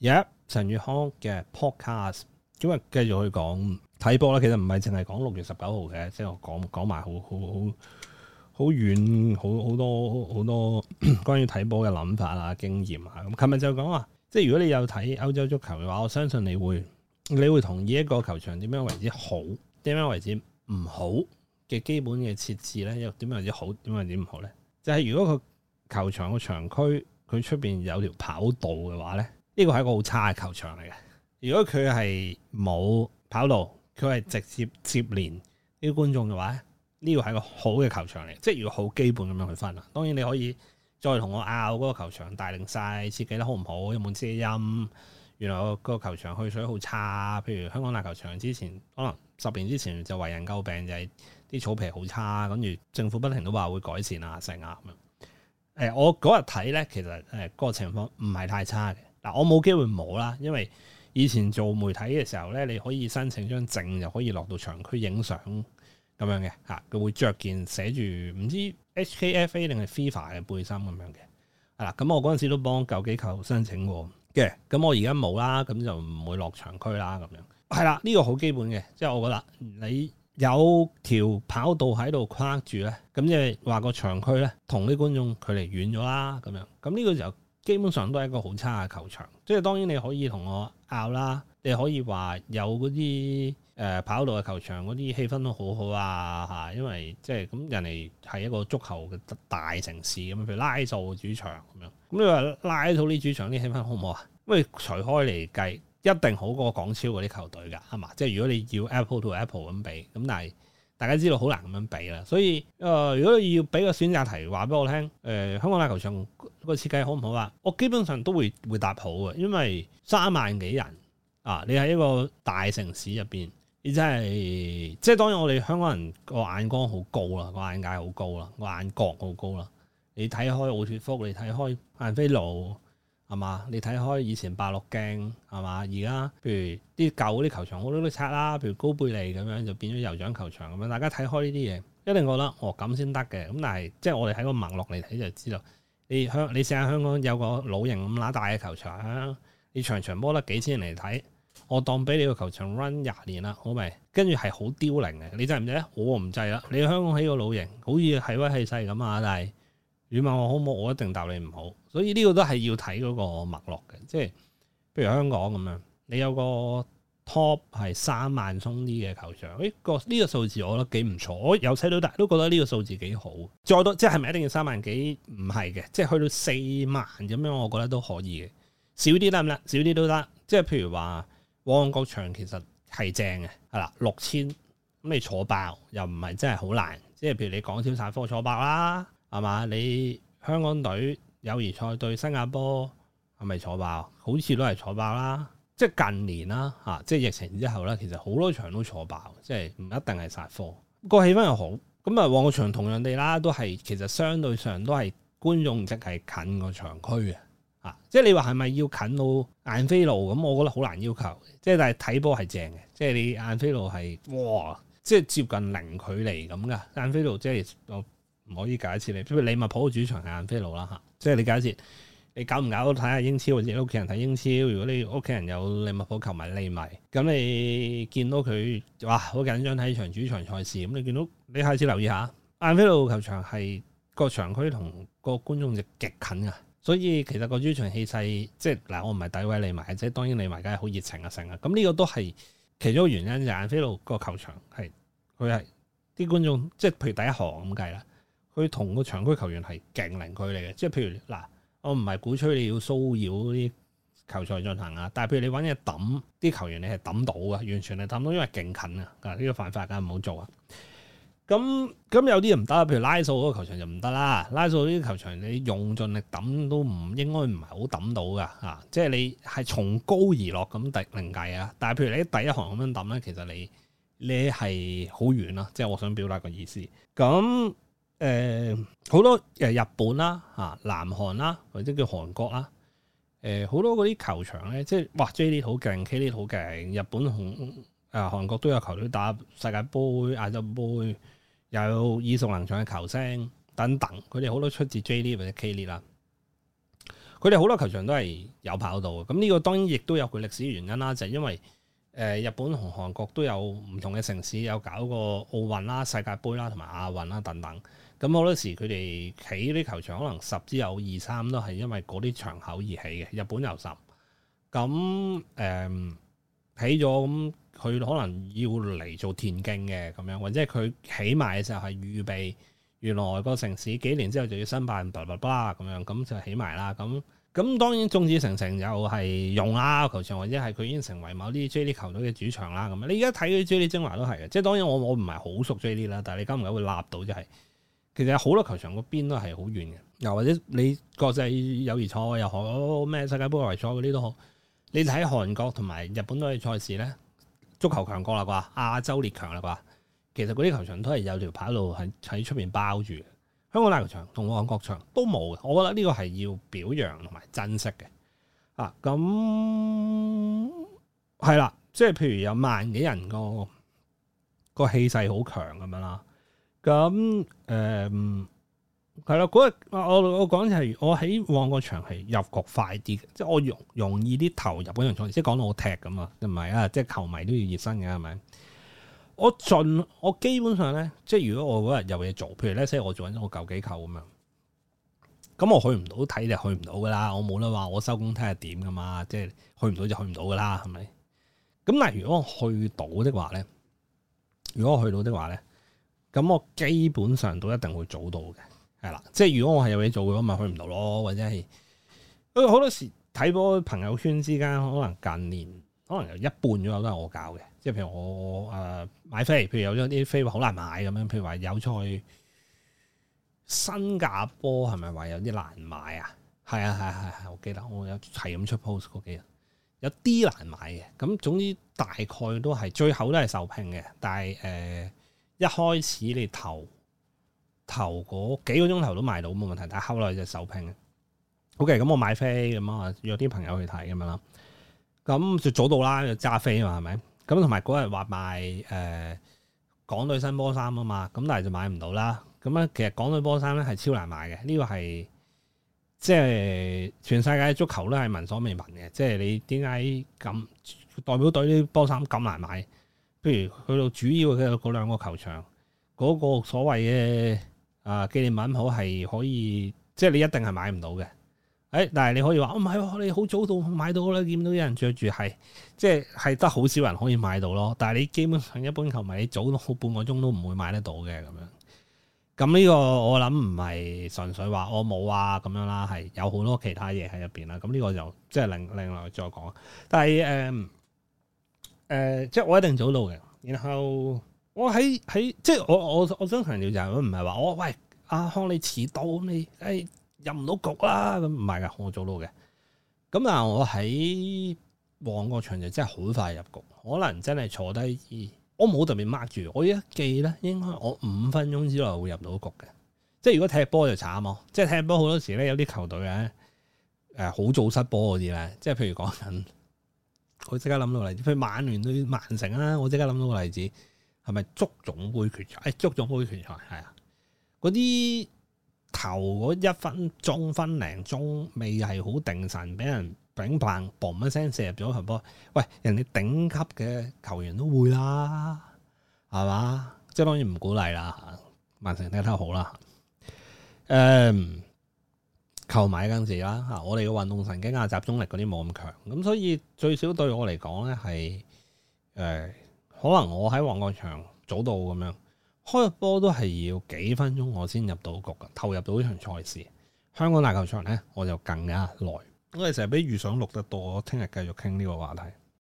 而陳宇康嘅 podcast，今日繼續去講睇波啦。其實唔係淨係講六月十九號嘅，即係我講講埋好好好好遠，好好，好，好多好多關於睇波嘅諗法啊、經驗啊。咁琴日就講話，即係如果你有睇歐洲足球嘅話，我相信你會你會同意一個球場點樣為之好，點樣為之唔好嘅基本嘅設置咧，又點樣為之好，點樣為之唔好咧？就係、是、如果個球場個場區佢出邊有條跑道嘅話咧。呢個係一個好差嘅球場嚟嘅。如果佢係冇跑道，佢係直接接連啲觀眾嘅話呢，呢個係一個好嘅球場嚟。即係如果好基本咁樣去分啊。當然你可以再同我拗嗰個球場大定細設計得好唔好，有冇遮陰。原來個個球場去水好差。譬如香港大球場之前可能十年之前就為人詬病，就係啲草皮好差，跟住政府不停都話會改善啊、整啊咁樣。誒，我嗰日睇呢，其實誒個情況唔係太差嘅。嗱，我冇機會冇啦，因為以前做媒體嘅時候咧，你可以申請張證就可以落到場區影相咁樣嘅嚇，佢會着件寫住唔知 HKFA 定係 FIFA 嘅背心咁樣嘅，係啦。咁我嗰陣時都幫舊機構申請嘅，咁我而家冇啦，咁就唔會落場區啦咁樣。係啦，呢個好基本嘅，即係我覺得你有條跑道喺度框住咧，咁即係話個場區咧同啲觀眾距離遠咗啦，咁樣咁呢個時候。基本上都係一個好差嘅球場，即係當然你可以同我拗啦，你可以話有嗰啲誒跑道嘅球場，嗰啲氣氛都好好啊嚇，因為即係咁人哋係一個足球嘅大城市咁，譬如拉素主場咁樣，咁你話拉素啲主場啲氣氛好唔好啊？因為，就是嗯、你好好因為除開嚟計，一定好過港超嗰啲球隊㗎，係嘛？即係如果你要 apple to apple 咁比，咁但係。大家知道好難咁樣比啦，所以誒、呃，如果要俾個選擇題話俾我聽，誒、呃，香港大球場個設計好唔好啦？我基本上都會回答好嘅，因為三萬幾人啊，你喺一個大城市入邊，你真係即係當然我哋香港人個眼光好高啦，個眼界好高啦，個眼角好高啦，你睇開奧脫福，你睇開晏菲路。係嘛？你睇開以前白鹿徑係嘛？而家譬如啲舊啲球場，我都都拆啦。譬如高貝利咁樣就變咗酋長球場咁樣，大家睇開呢啲嘢，一定覺得哦，咁先得嘅。咁但係即係我哋喺個脈絡嚟睇就知道，你香你試下香港有個老型咁乸大嘅球場啊，你場場摸得幾千人嚟睇，我當俾你個球場 run 廿年啦，好咪，跟住係好凋零嘅，你制唔制？我唔制啦。你香港起個老型，好似係威係勢咁啊，但係如問我好唔好？我一定答你唔好。所以呢個都係要睇嗰個脈絡嘅，即係譬如香港咁樣，你有個 top 係三萬鬆啲嘅球場，呢個呢個數字我覺得幾唔錯。我由細到大都覺得呢個數字幾好。再多即係咪一定要三萬幾？唔係嘅，即係去到四萬咁樣，我覺得都可以嘅。少啲得唔得？少啲都得。即係譬如話旺角場其實係正嘅，係啦，六千咁你坐爆又唔係真係好難。即係譬如你港超散科坐爆啦，係嘛？你香港隊，友誼賽對新加坡係咪坐爆？好似都係坐爆啦，即係近年啦，吓、啊、即係疫情之後咧，其實好多場都坐爆，即係唔一定係殺科個氣氛又好。咁、嗯、啊，旺角場同樣地啦，都係其實相對上都係觀眾、啊、即係近個場區嘅，吓，即係你話係咪要近到晏菲路？咁我覺得好難要求，即係但係睇波係正嘅，即係你晏菲路係哇，即係接近零距離咁噶。晏菲路即、就、係、是唔可以假設你，譬如利物浦嘅主場係晏菲路啦嚇，即係你假設你，你搞唔搞都睇下英超，或者屋企人睇英超，如果你屋企人有利物浦球迷利迷，咁你見到佢哇好緊張睇場主場賽事，咁你見到你下次留意下，晏菲路球場係個場區同個觀眾席極近㗎，所以其實個主場氣勢，即係嗱我唔係詆毀利迷，即係當然利迷梗係好熱情啊成啊，咁呢個都係其中個原因，就係晏菲路個球場係佢係啲觀眾，即係譬如第一行咁計啦。佢同個長區球員係勁零距離嘅，即係譬如嗱，我唔係鼓吹你要騷擾啲球賽進行啊，但係譬如你揾嘢抌，啲球員你係抌到嘅，完全係抌到，因為勁近啊，呢個犯法梗係唔好做啊。咁咁有啲又唔得，譬如拉素嗰個球場就唔得啦，拉素呢啲球場你用盡力抌都唔應該，唔係好抌到噶，啊，即係你係從高而落咁定另計啊。但係譬如你喺第一行咁樣抌咧，其實你你係好遠啦，即係我想表達個意思，咁。誒好、呃、多誒日本啦嚇、啊，南韓啦或者叫韓國啦，誒、呃、好多嗰啲球場咧，即係哇 J 聯好勁，K 聯好勁。日本同誒、呃、韓國都有球隊打、世界盃亞洲盃，又有耳熟能詳嘅球星等等，佢哋好多出自 J 聯或者 K 聯啦。佢哋好多球場都係有跑道嘅。咁呢個當然亦都有佢歷史原因啦，就係、是、因為誒、呃、日本同韓國都有唔同嘅城市有搞過奧運啦、世界盃啦、同埋亞運啦等等。咁好多時佢哋起啲球場，可能十之有二三都係因為嗰啲場口而起嘅。日本有十，咁誒起咗咁，佢可能要嚟做田徑嘅咁樣，或者佢起埋嘅時候係預備原來個城市幾年之後就要申辦，叭叭叭咁樣，咁就起埋啦。咁咁當然眾志成城又係用啦、啊、球場，或者係佢已經成為某啲 J 聯球隊嘅主場啦。咁你而家睇佢 J 聯精華都係嘅，即係當然我我唔係好熟 J 聯啦，但係你今唔解會納到就係。其實好多球場個邊都係好遠嘅，又或者你國際友誼賽又好，咩世界杯外圍賽嗰啲都好，你睇韓國同埋日本嗰啲賽事咧，足球強國啦啩，亞洲列強啦啩，其實嗰啲球場都係有條跑道係喺出面包住嘅。香港大球場同韓國場都冇嘅，我覺得呢個係要表揚同埋珍惜嘅。啊，咁係啦，即係譬如有萬幾人個個氣勢好強咁樣啦。咁誒，係啦，嗰日我我講就係我喺旺角場係入局快啲嘅，即係我容容易啲投入嗰樣場，即係講到我踢咁啊，唔係啊，即係球迷都要熱身嘅係咪？我盡我基本上咧，即係如果我嗰日有嘢做，譬如咧，即係我做緊我個舊機構咁樣，咁我去唔到，睇日去唔到噶啦，我冇得話，我收工睇下點噶嘛，即係去唔到就去唔到噶啦，係咪？咁但係如果我去到的話咧，如果我去到的話咧。咁我基本上都一定會做到嘅，係啦。即係如果我係有嘢做嘅話，咪去唔到咯。或者係，因為好多時睇波朋友圈之間，可能近年可能有一半左右都係我搞嘅。即係譬如我我誒、呃、買飛，譬如有咗啲飛話好難買咁樣。譬如話有出去新加坡係咪話有啲難買啊？係啊係係係，我記得我有係咁出 post 嗰幾日，有啲難買嘅。咁總之大概都係最後都係受聘嘅，但係誒。呃一開始你頭頭嗰幾個鐘頭都買到冇問題，但係後來隻手拼。好嘅，咁我買飛咁啊，約啲朋友去睇咁樣啦。咁就早到啦，就揸飛啊嘛，係咪？咁同埋嗰日話買誒、呃、港隊新波衫啊嘛，咁但係就買唔到啦。咁咧其實港隊波衫咧係超難買嘅，呢、這個係即係全世界足球都係聞所未聞嘅。即、就、係、是、你點解咁代表隊啲波衫咁難買？譬如去到主要嘅嗰兩個球場，嗰個所謂嘅啊紀念品好係可以，即係你一定係買唔到嘅。誒，但係你可以話唔係喎，oh、God, 你好早到買到啦，見到有人着住係，即係係得好少人可以買到咯。但係你基本上一般球迷早好半個鐘都唔會買得到嘅咁樣。咁呢個我諗唔係純粹話我冇啊咁樣啦，係有好多其他嘢喺入邊啦。咁呢個就即係另另外再講。但係誒。嗯誒、呃，即係我一定做到嘅。然後我喺喺，即係我我我想強調就係，唔係話我，我喂阿康你遲到，你誒、哎、入唔到局啦。咁唔係㗎，我做到嘅。咁啊，我喺旺角場就真係好快入局，可能真係坐低我冇特別 mark 住，我依家記咧，應該我五分鐘之內會入到局嘅。即係如果踢波就慘咯，即係踢波好多時咧，有啲球隊咧誒好早失波嗰啲咧，即係譬如講緊。佢即刻諗到例子，譬如曼聯對曼城啊，我即刻諗到個例子，係咪足總杯決賽？誒、哎，足總杯決賽係啊，嗰啲頭嗰一分鐘分零鐘未係好定神，俾人頂棒，嘣一聲射入咗球波。喂，人哋頂級嘅球員都會啦，係嘛？即當然唔鼓勵啦。曼城踢得好啦，誒、um。購買嗰陣時啦，嚇我哋嘅運動神經啊、集中力嗰啲冇咁強，咁所以最少對我嚟講咧係誒，可能我喺旺角場早到咁樣，開個波都係要幾分鐘我先入到局嘅，投入到呢場賽事。香港大球場咧我就更加耐，我哋成日俾預想錄得多，我聽日繼續傾呢個話題。